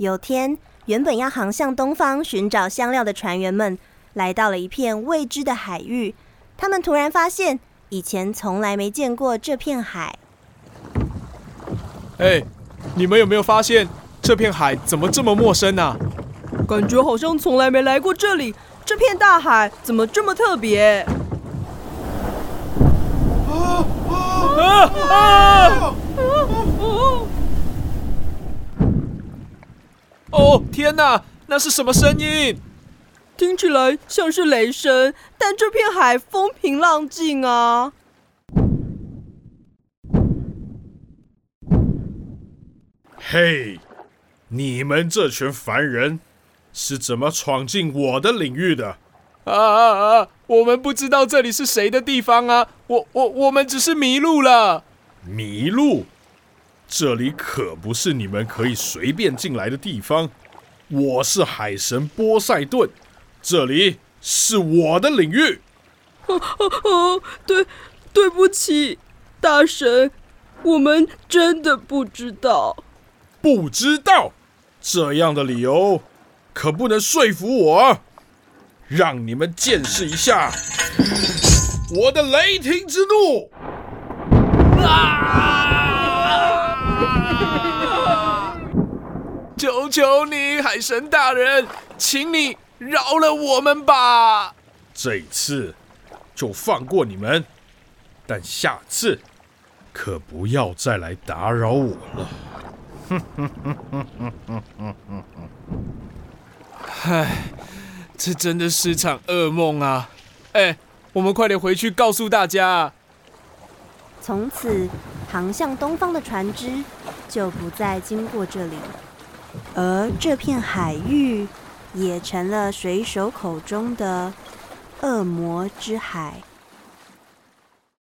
有天，原本要航向東方尋找香料的船員們，來到了一片未知的海域。他們突然發現，以前從來沒見過這片海。哎，你們有沒有發現，這片海怎麼這麼陌生啊？感覺好像從來沒來過這裡。這片大海怎麼這麼特別？天吶，那是什麼聲音？聽起來像是雷聲，但這片海風平浪靜啊！嘿，你們這群凡人，是怎麼闖進我的領域的？啊啊啊！我們不知道這裡是誰的地方啊！我我我們只是迷路了。迷路？這裡可不是你們可以隨便進來的地方。我是海神波塞頓，這裡是我的領域。哦哦哦，對，對不起，大神，我們真的不知道。不知道？這樣的理由可不能說服我。讓你們見識一下我的雷霆之怒！啊！求求你，海神大人，請你饒了我們吧！這一次就放過你們，但下次可不要再來打擾我了。 唉，這真的是場噩夢啊！哎，我們快點回去告訴大家。從此，航向東方的船只就不再經過這裡。而這片海域也成了水手口中的“惡魔之海”。